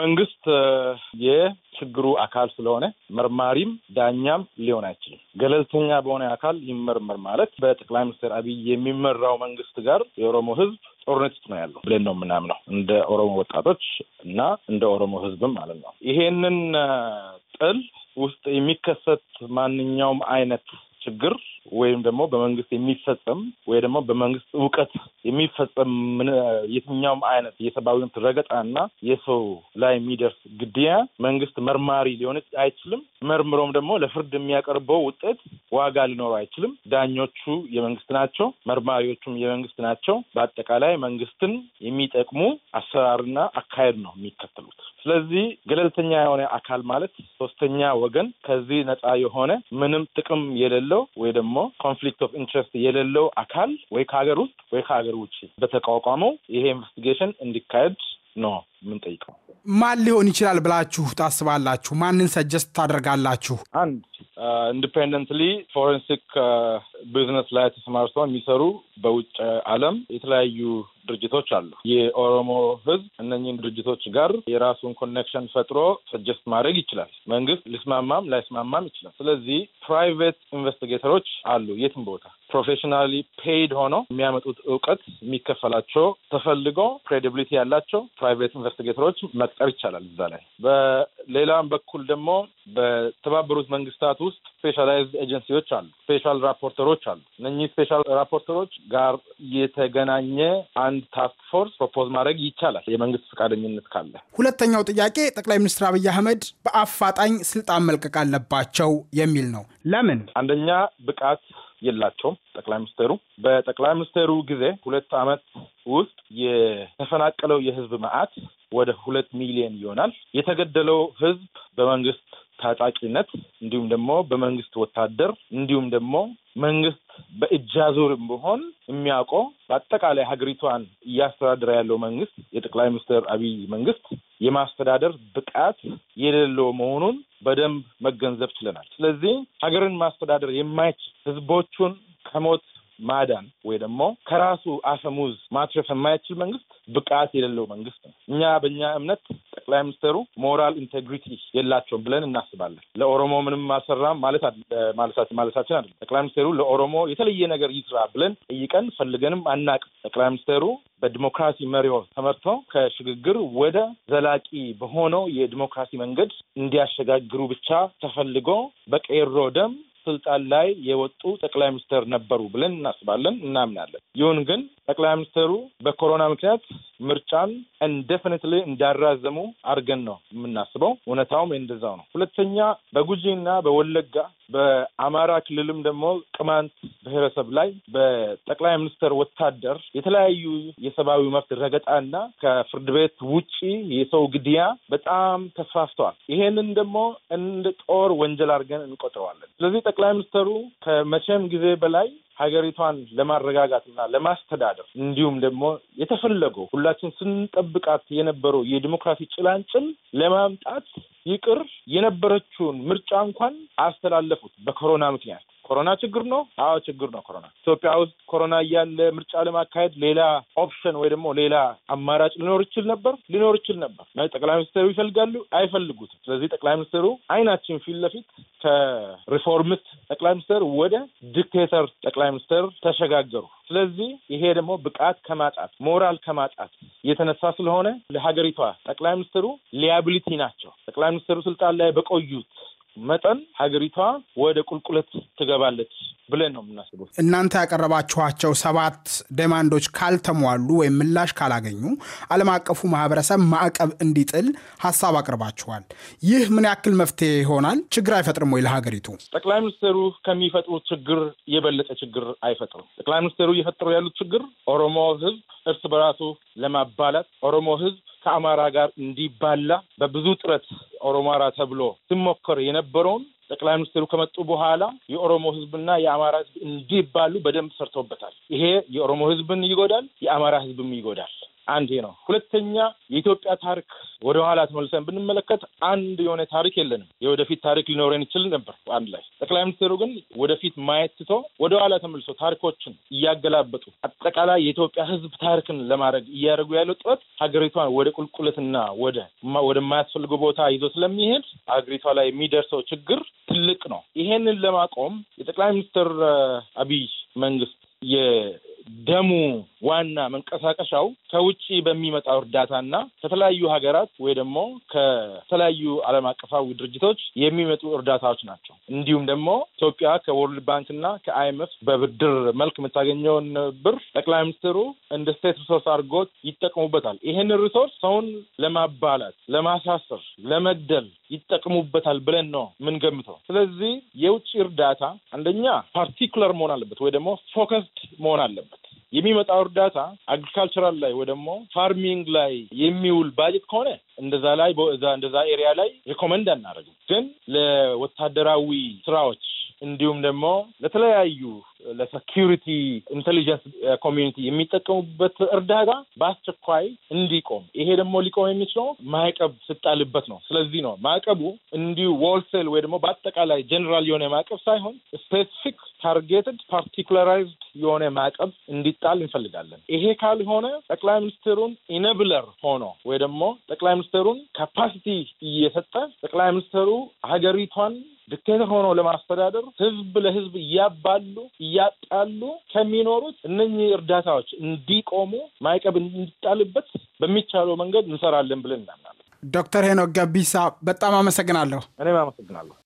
መንግስት የችግሩ አካል ስለሆነ መርማሪም ዳኛም ሊሆን አይችልም። ገለልተኛ በሆነ አካል ይመርመር ማለት በጠቅላይ ሚኒስትር አብይ የሚመራው መንግስት ጋር የኦሮሞ ህዝብ ጦርነት ውስጥ ነው ያለው ብለን ነው የምናምነው እንደ ኦሮሞ ወጣቶች እና እንደ ኦሮሞ ህዝብም ማለት ነው። ይሄንን ጥል ውስጥ የሚከሰት ማንኛውም አይነት ችግር ወይም ደግሞ በመንግስት የሚፈጸም ወይ ደግሞ በመንግስት እውቀት የሚፈጸም የትኛውም አይነት የሰብአዊ መብት ረገጣና የሰው ላይ የሚደርስ ግድያ መንግስት መርማሪ ሊሆን አይችልም። መርምሮም ደግሞ ለፍርድ የሚያቀርበው ውጤት ዋጋ ሊኖረው አይችልም። ዳኞቹ የመንግስት ናቸው፣ መርማሪዎቹም የመንግስት ናቸው። በአጠቃላይ መንግስትን የሚጠቅሙ አሰራርና አካሄድ ነው የሚከተሉት። ስለዚህ ገለልተኛ የሆነ አካል ማለት ሶስተኛ ወገን ከዚህ ነፃ የሆነ ምንም ጥቅም የሌለው ወይ ደግሞ ደግሞ ኮንፍሊክት ኦፍ ኢንትረስት የሌለው አካል ወይ ከሀገር ውስጥ ወይ ከሀገር ውጭ በተቋቋመው ይሄ ኢንቨስቲጌሽን እንዲካሄድ ነው የምንጠይቀው። ማን ሊሆን ይችላል ብላችሁ ታስባላችሁ? ማንን ሰጀስት ታደርጋላችሁ? አንድ ኢንዲፔንደንትሊ uh, ፎረንሲክ ቢዝነስ ላይ ተሰማርተው የሚሰሩ በውጭ ዓለም የተለያዩ ድርጅቶች አሉ። የኦሮሞ ህዝብ እነኝን ድርጅቶች ጋር የራሱን ኮኔክሽን ፈጥሮ ሰጀስት ማድረግ ይችላል። መንግስት ሊስማማም ላይስማማም ይችላል። ስለዚህ ፕራይቬት ኢንቨስቲጌተሮች አሉ። የትም ቦታ ፕሮፌሽናሊ ፔይድ ሆነው የሚያመጡት እውቀት የሚከፈላቸው ተፈልገው ክሬዲብሊቲ ያላቸው ፕራይቬት ኢንቨስቲጌተሮች መቅጠር ይቻላል እዛ ላይ። በሌላም በኩል ደግሞ በተባበሩት መንግስታት ውስጥ ስፔሻላይዝድ ኤጀንሲዎች አሉ። ስፔሻል ራፖርተሮች ራፖርተሮች አሉ። እነኚህ ስፔሻል ራፖርተሮች ጋር የተገናኘ አንድ ታስክ ፎርስ ፕሮፖዝ ማድረግ ይቻላል፣ የመንግስት ፈቃደኝነት ካለ። ሁለተኛው ጥያቄ ጠቅላይ ሚኒስትር አብይ አህመድ በአፋጣኝ ስልጣን መልቀቅ አለባቸው የሚል ነው። ለምን? አንደኛ ብቃት የላቸውም ጠቅላይ ሚኒስትሩ። በጠቅላይ ሚኒስትሩ ጊዜ ሁለት ዓመት ውስጥ የተፈናቀለው የህዝብ መዓት ወደ ሁለት ሚሊዮን ይሆናል። የተገደለው ህዝብ በመንግስት ታጣቂነት እንዲሁም ደግሞ በመንግስት ወታደር እንዲሁም ደግሞ መንግስት በእጃዙርም ቢሆን የሚያውቀው በአጠቃላይ ሀገሪቷን እያስተዳደረ ያለው መንግስት የጠቅላይ ሚኒስትር አብይ መንግስት የማስተዳደር ብቃት የሌለው መሆኑን በደንብ መገንዘብ ችለናል። ስለዚህ ሀገርን ማስተዳደር የማይችል ህዝቦቹን ከሞት ማዳን ወይ ደግሞ ከራሱ አፈሙዝ ማትረፍ የማይችል መንግስት ብቃት የሌለው መንግስት ነው። እኛ በእኛ እምነት ጠቅላይ ሚኒስትሩ ሞራል ኢንቴግሪቲ የላቸውም ብለን እናስባለን። ለኦሮሞ ምንም አልሰራም ማለት ማለታችን አይደለም። ጠቅላይ ሚኒስትሩ ለኦሮሞ የተለየ ነገር ይስራ ብለን ጠይቀን ፈልገንም አናቅም። ጠቅላይ ሚኒስትሩ በዲሞክራሲ መሪዎች ተመርቶ ከሽግግር ወደ ዘላቂ በሆነው የዲሞክራሲ መንገድ እንዲያሸጋግሩ ብቻ ተፈልጎ በቄሮ ደም ስልጣን ላይ የወጡ ጠቅላይ ሚኒስትር ነበሩ ብለን እናስባለን፣ እናምናለን። ይሁን ግን ጠቅላይ ሚኒስትሩ በኮሮና ምክንያት ምርጫን ኢንዴፊኒትሊ እንዳራዘሙ አድርገን ነው የምናስበው። እውነታውም እንደዛው ነው። ሁለተኛ በጉጂና በወለጋ በአማራ ክልልም ደግሞ ቅማንት ብሔረሰብ ላይ በጠቅላይ ሚኒስትር ወታደር የተለያዩ የሰብአዊ መብት ረገጣና ከፍርድ ቤት ውጪ የሰው ግድያ በጣም ተስፋፍተዋል። ይሄንን ደግሞ እንደ ጦር ወንጀል አድርገን እንቆጥረዋለን። ስለዚህ ጠቅላይ ሚኒስትሩ ከመቼም ጊዜ በላይ ሀገሪቷን ለማረጋጋትና ለማስተዳደር እንዲሁም ደግሞ የተፈለገው ሁላችን ስንጠብቃት የነበረው የዲሞክራሲ ጭላንጭል ለማምጣት ይቅር የነበረችውን ምርጫ እንኳን አስተላለፉት በኮሮና ምክንያት ኮሮና ችግር ነው። አዎ ችግር ነው ኮሮና። ኢትዮጵያ ውስጥ ኮሮና እያለ ምርጫ ለማካሄድ ሌላ ኦፕሽን ወይ ደግሞ ሌላ አማራጭ ሊኖር ይችል ነበር ሊኖር ይችል ነበር። ጠቅላይ ሚኒስትሩ ይፈልጋሉ አይፈልጉትም። ስለዚህ ጠቅላይ ሚኒስትሩ አይናችን ፊት ለፊት ከሪፎርምስት ጠቅላይ ሚኒስትር ወደ ዲክቴተር ጠቅላይ ሚኒስትር ተሸጋገሩ። ስለዚህ ይሄ ደግሞ ብቃት ከማጣት ሞራል ከማጣት የተነሳ ስለሆነ ለሀገሪቷ ጠቅላይ ሚኒስትሩ ሊያቢሊቲ ናቸው። ጠቅላይ ሚኒስትሩ ስልጣን ላይ በቆዩት መጠን ሀገሪቷ ወደ ቁልቁለት ትገባለች ብለን ነው የምናስበው። እናንተ ያቀረባችኋቸው ሰባት ደማንዶች ካልተሟሉ ወይም ምላሽ ካላገኙ ዓለም አቀፉ ማህበረሰብ ማዕቀብ እንዲጥል ሀሳብ አቅርባችኋል። ይህ ምን ያክል መፍትሄ ይሆናል? ችግር አይፈጥርም ወይ? ለሀገሪቱ ጠቅላይ ሚኒስትሩ ከሚፈጥሩት ችግር የበለጠ ችግር አይፈጥርም። ጠቅላይ ሚኒስትሩ እየፈጠሩ ያሉት ችግር ኦሮሞ ህዝብ እርስ በራሱ ለማባላት ኦሮሞ ህዝብ ከአማራ ጋር እንዲባላ በብዙ ጥረት ኦሮማራ ተብሎ ሲሞከር የነበረውን ጠቅላይ ሚኒስትሩ ከመጡ በኋላ የኦሮሞ ህዝብና የአማራ ህዝብ እንዲባሉ በደንብ ሰርቶበታል። ይሄ የኦሮሞ ህዝብን ይጎዳል፣ የአማራ ህዝብም ይጎዳል። አንዴ ነው። ሁለተኛ የኢትዮጵያ ታሪክ ወደ ኋላ ተመልሰን ብንመለከት አንድ የሆነ ታሪክ የለንም። የወደፊት ታሪክ ሊኖረን ይችል ነበር። አንድ ላይ ጠቅላይ ሚኒስትሩ ግን ወደፊት ማየት ትቶ ወደ ኋላ ተመልሶ ታሪኮችን እያገላበጡ አጠቃላይ የኢትዮጵያ ሕዝብ ታሪክን ለማድረግ እያደረጉ ያለው ጥረት ሀገሪቷን ወደ ቁልቁለትና ወደ ወደማያስፈልገው ቦታ ይዞ ስለሚሄድ ሀገሪቷ ላይ የሚደርሰው ችግር ትልቅ ነው። ይሄንን ለማቆም የጠቅላይ ሚኒስትር አብይ መንግስት የደሙ ዋና መንቀሳቀሻው ከውጭ በሚመጣው እርዳታና ከተለያዩ ሀገራት ወይ ደግሞ ከተለያዩ ዓለም አቀፋዊ ድርጅቶች የሚመጡ እርዳታዎች ናቸው። እንዲሁም ደግሞ ኢትዮጵያ ከወርልድ ባንክና ከአይኤምኤፍ በብድር መልክ የምታገኘውን ብር ጠቅላይ ሚኒስትሩ እንደ ስቴት ሪሶርስ አድርጎት ይጠቅሙበታል። ይህን ሪሶርስ ሰውን ለማባላት፣ ለማሳሰር፣ ለመግደል ይጠቅሙበታል ብለን ነው የምንገምተው። ስለዚህ የውጭ እርዳታ አንደኛ ፓርቲኩለር መሆን አለበት ወይ ደግሞ ፎከስድ መሆን አለበት። የሚመጣው እርዳታ አግሪካልቸራል ላይ ወይ ደግሞ ፋርሚንግ ላይ የሚውል ባጀት ከሆነ እንደዛ ላይ እንደዛ ኤሪያ ላይ ሪኮመንድ አናደርግም። ግን ለወታደራዊ ስራዎች እንዲሁም ደግሞ ለተለያዩ ለሰኪሪቲ ኢንቴሊጀንስ ኮሚኒቲ የሚጠቀሙበት እርዳታ በአስቸኳይ እንዲቆም፣ ይሄ ደግሞ ሊቆም የሚችለው ማዕቀብ ስጣልበት ነው። ስለዚህ ነው ማዕቀቡ እንዲሁ ዎልሴል ወይ ደግሞ በአጠቃላይ ጀኔራል የሆነ ማዕቀብ ሳይሆን ስፔሲፊክ ታርጌትድ ፓርቲኩላራይዝድ የሆነ ማዕቀብ እንዲጣል እንፈልጋለን። ይሄ ካልሆነ ጠቅላይ ሚኒስትሩን ኢነብለር ሆኖ ወይ ደግሞ ጠቅላይ ሚኒስትሩን ካፓሲቲ እየሰጠ ጠቅላይ ሚኒስትሩ ሀገሪቷን ዲክቴተር ሆኖ ለማስተዳደር ህዝብ ለህዝብ እያባሉ እያጣሉ ከሚኖሩት እነኚህ እርዳታዎች እንዲቆሙ ማዕቀብ እንዲጣልበት በሚቻለው መንገድ እንሰራለን ብለን እናምናለን። ዶክተር ሄኖክ ገቢሳ በጣም አመሰግናለሁ። እኔም አመሰግናለሁ።